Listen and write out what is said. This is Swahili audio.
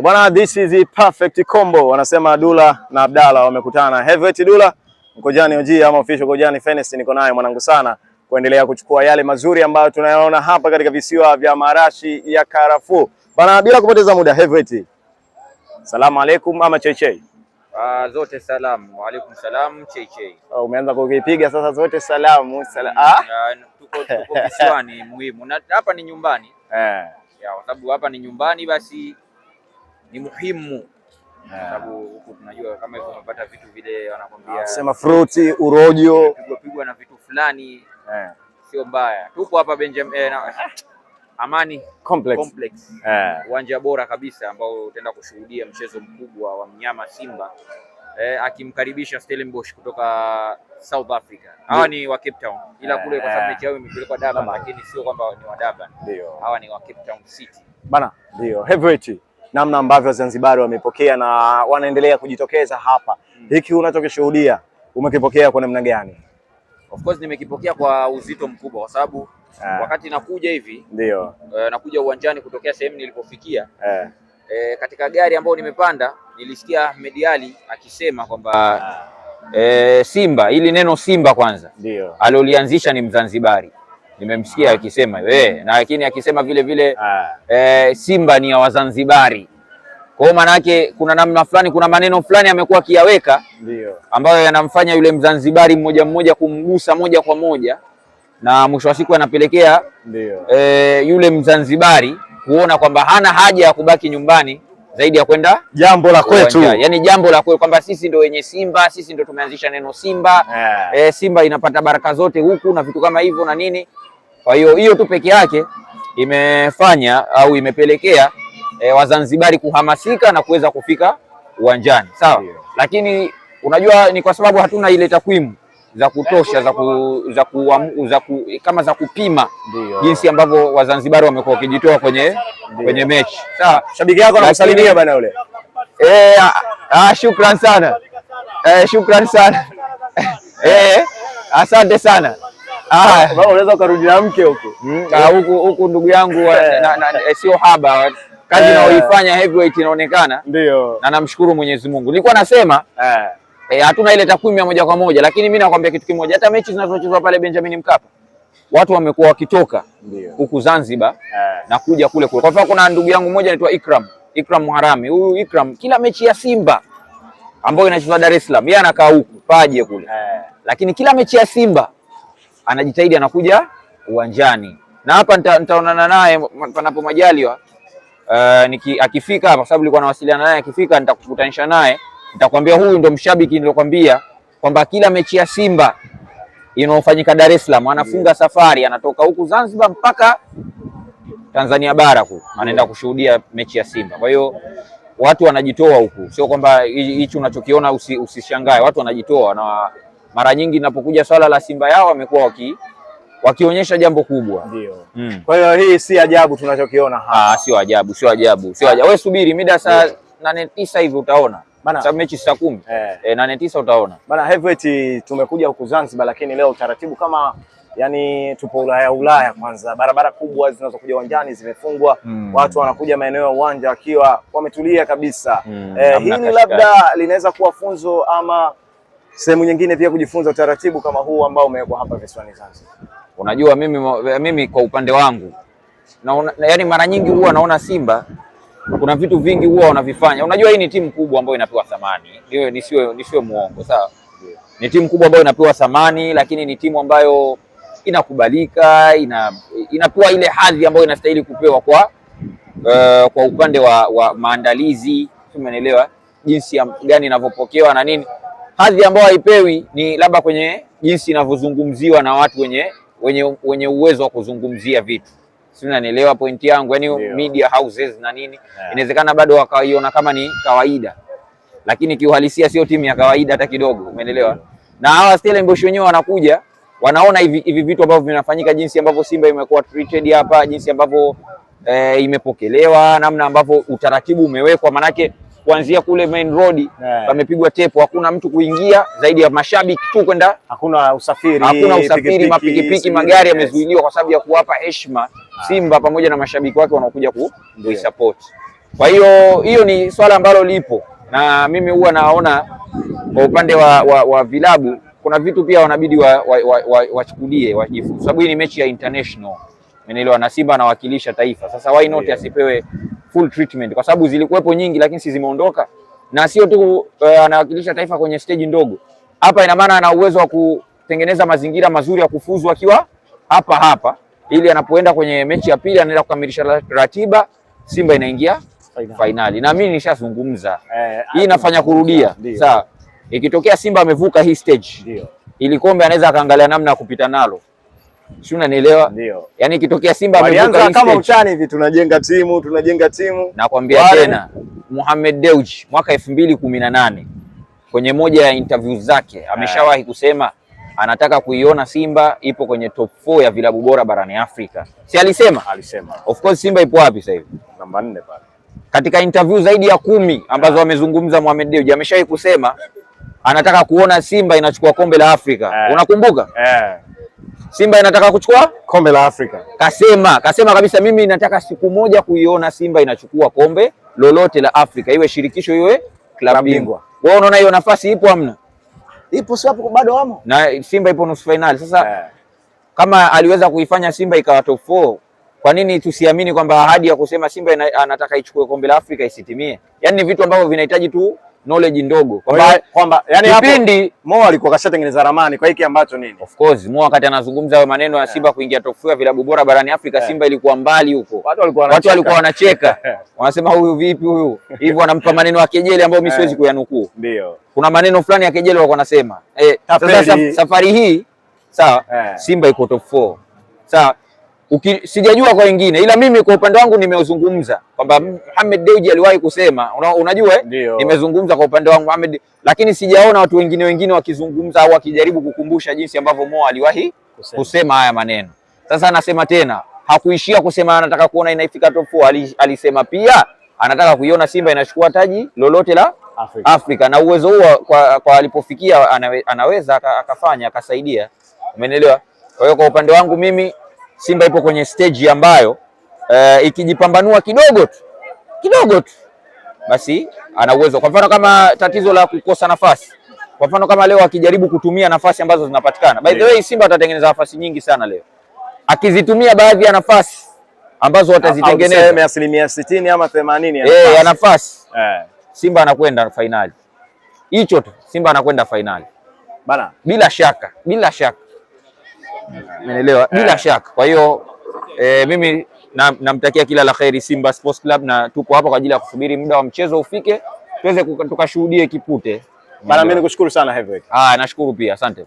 Bwana, this is the perfect combo wanasema Dula na Abdalla wamekutana. Heavyweight Dula, Ngojani OG ama official Ngojani Fenesi, niko naye mwanangu sana kuendelea kuchukua yale mazuri ambayo tunayaona hapa katika visiwa vya marashi ya karafuu. Bwana, bila kupoteza muda Heavyweight. Salamu alaikum ama Cheichei. Ah, zote salamu. Wa alaikum salam Cheichei. Oh, umeanza kukipiga sasa zote salamu. Sala ah? Tuko tuko visiwani muhimu. Na hapa ni nyumbani. Eh. Yeah, kwa sababu hapa ni nyumbani basi ni muhimu ah. sababu huku tunajua kama hivyo umepata vitu vile wanakwambia ah, sema fruti urojo pigwa na vitu fulani yeah. Sio mbaya, tupo hapa Benjamin eh, Amani Complex, Complex. Eh. Uwanja bora kabisa ambao utaenda kushuhudia mchezo mkubwa wa mnyama Simba eh, akimkaribisha Stellenbosch kutoka South Africa. Hawa ni wa Cape Town ila eh. kule kwa sababu mechi yao imepelekwa Durban, lakini sio kwamba ni wa Durban. Ndio. Hawa ni wa Cape Town City bana, ndio heavyweight namna ambavyo Wazanzibari wamepokea na wanaendelea kujitokeza hapa. Hmm. Hiki unachokishuhudia umekipokea kwa namna gani? Of course nimekipokea kwa uzito mkubwa kwa sababu yeah. Wakati nakuja hivi ndio uh, nakuja uwanjani kutokea sehemu nilipofikia yeah. uh, eh, katika gari ambayo nimepanda nilisikia Ahmed akisema kwamba yeah. uh, eh, Simba, ili neno Simba kwanza ndio alolianzisha ni Mzanzibari nimemsikia ah. akisema eh, na lakini akisema vile vile ah. eh, Simba ni ya Wazanzibari. Kwa hiyo yake kuna namna fulani, kuna maneno fulani amekuwa akiyaweka ambayo yanamfanya yule Mzanzibari mmoja mmoja kumgusa moja kwa moja, na mwisho wa siku anapelekea eh, yule Mzanzibari kuona kwamba hana haja ya kubaki nyumbani zaidi ya kwenda jambo la kwetu, yani jambo la kwetu, kwamba sisi ndo wenye Simba, sisi ndo tumeanzisha neno Simba. Yeah. E, eh, Simba inapata baraka zote huku na vitu kama hivyo na nini. Kwa hiyo hiyo tu peke yake imefanya au imepelekea e, Wazanzibari kuhamasika na kuweza kufika uwanjani sawa, yeah. Lakini unajua ni kwa sababu hatuna ile takwimu za kutosha za, ku, za, ku, za ku, kama za kupima Dio. Jinsi ambavyo Wazanzibari wamekuwa wakijitoa kwenye, kwenye mechi sawa. Shabiki yako anakusalimia bana yule. Eh, ah, shukran sana eh, shukran sana eh, asante sana Ah. unaweza ukarudi na mke huko hmm? eh. huku, ndugu yangu eh. eh, sio haba kazi inayoifanya Heavyweight inaonekana, ndio na namshukuru Mwenyezi Mungu. Nilikuwa nasema hatuna ile takwimu ya moja kwa moja, lakini mimi nakwambia kitu kimoja, hata mechi zinazochezwa pale Benjamin Mkapa watu wamekuwa wakitoka huku Zanzibar na kuja kule kule. Kwa mfano, kuna ndugu yangu mmoja anaitwa Ikram, Ikram Muharami. Huyu Ikram kila mechi ya Simba ambayo inachezwa Dar es Salaam, yeye anakaa huku Paje kule, lakini kila mechi ya Simba anajitahidi, anakuja uwanjani na hapa nitaonana naye panapo majaliwa. Uh, niki, akifika hapa kwa sababu nilikuwa nawasiliana naye, akifika nitakukutanisha naye, nitakwambia huyu ndo mshabiki nilokwambia kwamba kila mechi ya Simba inayofanyika Dar es Salaam anafunga safari, anatoka huku Zanzibar mpaka Tanzania bara ku anaenda kushuhudia mechi ya Simba. Kwa hiyo watu wanajitoa huku, sio kwamba hichi unachokiona usishangae, usi watu wanajitoa na mara nyingi inapokuja swala la Simba yao wamekuwa waki wakionyesha jambo kubwa. Ndio. Mm. Kwa hiyo hii si ajabu tunachokiona hapa. Ah, sio ajabu, sio ajabu, sio ajabu. Wewe subiri mida saa nane tisa hivi utaona sababu mechi saa kumi eh. E, nane tisa utaona bana. Heavyweight tumekuja huku Zanzibar, lakini leo utaratibu kama yani tupo Ulaya Ulaya kwanza, barabara kubwa zinazokuja uwanjani zimefungwa mm. Watu wanakuja maeneo ya uwanja wakiwa wametulia kabisa mm. Eh, hili labda linaweza kuwa funzo ama sehemu nyingine pia kujifunza utaratibu kama huu ambao umewekwa hapa visiwani Zanzibar. Unajua mimi, mimi kwa upande wangu naona, yani mara nyingi huwa naona Simba kuna vitu vingi huwa wanavifanya. Unajua hii ni timu kubwa ambayo inapewa thamani, niwe nisiwe nisiwe muongo, sawa? Yeah. Ni timu kubwa ambayo inapewa thamani, lakini ni timu ambayo inakubalika, ina, inapewa ile hadhi ambayo inastahili kupewa kwa uh, kwa upande wa, wa maandalizi, umenielewa jinsi gani inavyopokewa na nini hadhi ambayo haipewi ni labda kwenye jinsi inavyozungumziwa na watu wenye, wenye, wenye uwezo wa kuzungumzia vitu si unanielewa pointi yangu yani yeah. Media houses na nini yeah. Inawezekana bado wakaiona kama ni kawaida, lakini kiuhalisia sio timu ya kawaida hata kidogo, umeelewa yeah. Na hawa Stellenbosch wenyewe wanakuja wanaona hivi, hivi vitu ambavyo vinafanyika, jinsi ambavyo Simba imekuwa treated hapa, jinsi ambavyo eh, imepokelewa, namna ambavyo utaratibu umewekwa maanake kuanzia kule main road eh. pamepigwa tepo, hakuna mtu kuingia zaidi ya mashabiki tu kwenda, hakuna usafiri, hakuna usafiri, mapikipiki, magari yamezuiliwa kwa sababu ya kuwapa heshima ah. Simba pamoja na mashabiki wake wanaokuja support. Kwa hiyo hiyo ni swala ambalo lipo, na mimi huwa naona kwa upande wa, wa, wa vilabu kuna vitu pia wanabidi wachukulie wa, wa, wa, wajifunze, sababu hii ni mechi ya international, umeelewa, na Simba anawakilisha taifa. Sasa why not asipewe full treatment, kwa sababu zilikuwepo nyingi, lakini si zimeondoka. Na sio tu uh, anawakilisha taifa kwenye stage ndogo hapa, ina maana ana uwezo wa kutengeneza mazingira mazuri ya kufuzu akiwa hapa hapa, ili anapoenda kwenye mechi ya pili anaenda kukamilisha ratiba, Simba inaingia fainali. Na mimi nishazungumza eh, hii inafanya kurudia sawa. Ikitokea Simba amevuka hii stage, ili kombe anaweza akaangalia namna ya kupita nalo si unanielewa? Ndio. Yaani ikitokea Simba ameanza kama uchani hivi, tunajenga timu tunajenga timu. Nakwambia tena Mohamed Dewji mwaka elfu mbili kumi na nane kwenye moja ya interview zake ameshawahi kusema anataka kuiona Simba ipo kwenye top 4 ya vilabu bora barani Afrika, si alisema? Alisema. Of course Simba ipo wapi sasa hivi? Namba 4 pale. Katika interview zaidi ya kumi ambazo wamezungumza ah. Mohamed Dewji ameshawahi kusema anataka kuona Simba inachukua kombe la Afrika. Eh. Unakumbuka? Eh. Simba inataka kuchukua kombe la Afrika. Kasema, kasema kabisa mimi nataka siku moja kuiona Simba inachukua kombe lolote la Afrika, iwe shirikisho iwe klabu bingwa. Wewe unaona hiyo nafasi ipo amna? Ipo, si hapo bado wamo. Na Simba ipo nusu finali. Sasa yeah. Kama aliweza kuifanya Simba ikawa top 4, kwa nini tusiamini kwamba ahadi ya kusema Simba anataka ichukue kombe la Afrika isitimie? Yaani ni vitu ambavyo vinahitaji tu knowledge ndogo kwamba kwamba yani kipindi Mo alikuwa kashatengeneza ramani kwa hiki ambacho nini. Of course Mo wakati anazungumza hayo maneno ya eh. Simba yeah. kuingia top 4 vilabu bora barani Afrika yeah. Simba ilikuwa mbali huko, watu walikuwa wanacheka, wanasema huyu vipi huyu hivyo, wanampa maneno ya kejeli ambayo mimi eh. siwezi kuyanukuu. Ndio kuna maneno fulani ya kejeli walikuwa wanasema eh, sasa safari hii sawa yeah. Simba iko top 4 sawa Uki, sijajua kwa wengine ila mimi kwa upande wangu nimezungumza kwamba Mohamed Dewji aliwahi kusema una, unajua eh? Nimezungumza kwa upande wangu Mohamed, lakini sijaona watu wengine wengine wakizungumza au wakijaribu kukumbusha jinsi ambavyo Mo aliwahi kusema, kusema haya maneno. Sasa anasema tena hakuishia kusema anataka kuona inaifika top 4, alisema pia anataka kuiona Simba inachukua taji lolote la Afrika, Afrika. Na uwezo huo kwa, kwa alipofikia anaweza akafanya akasaidia, umeelewa? Kwa hiyo kwa upande wangu mimi Simba ipo kwenye stage ambayo e, ikijipambanua kidogo tu kidogo tu basi ana uwezo. Kwa mfano kama tatizo la kukosa nafasi, kwa mfano kama leo akijaribu kutumia nafasi ambazo zinapatikana, by the way, Simba watatengeneza nafasi nyingi sana leo, akizitumia baadhi ya nafasi ambazo watazitengeneza asilimia sitini ama themanini ya nafasi, eh, ya nafasi. Hey. Eh. Simba anakwenda fainali, hicho tu Simba anakwenda fainali bana, bila shaka, bila shaka. Umeelewa? Bila eh. shaka. Kwa hiyo e, mimi namtakia na kila la kheri Simba Sports Club, na tupo hapa kwa ajili ya kusubiri muda wa mchezo ufike tuweze tukashuhudie kipute bana. Mimi nikushukuru sana Heavyweight. Ah, nashukuru pia, asante.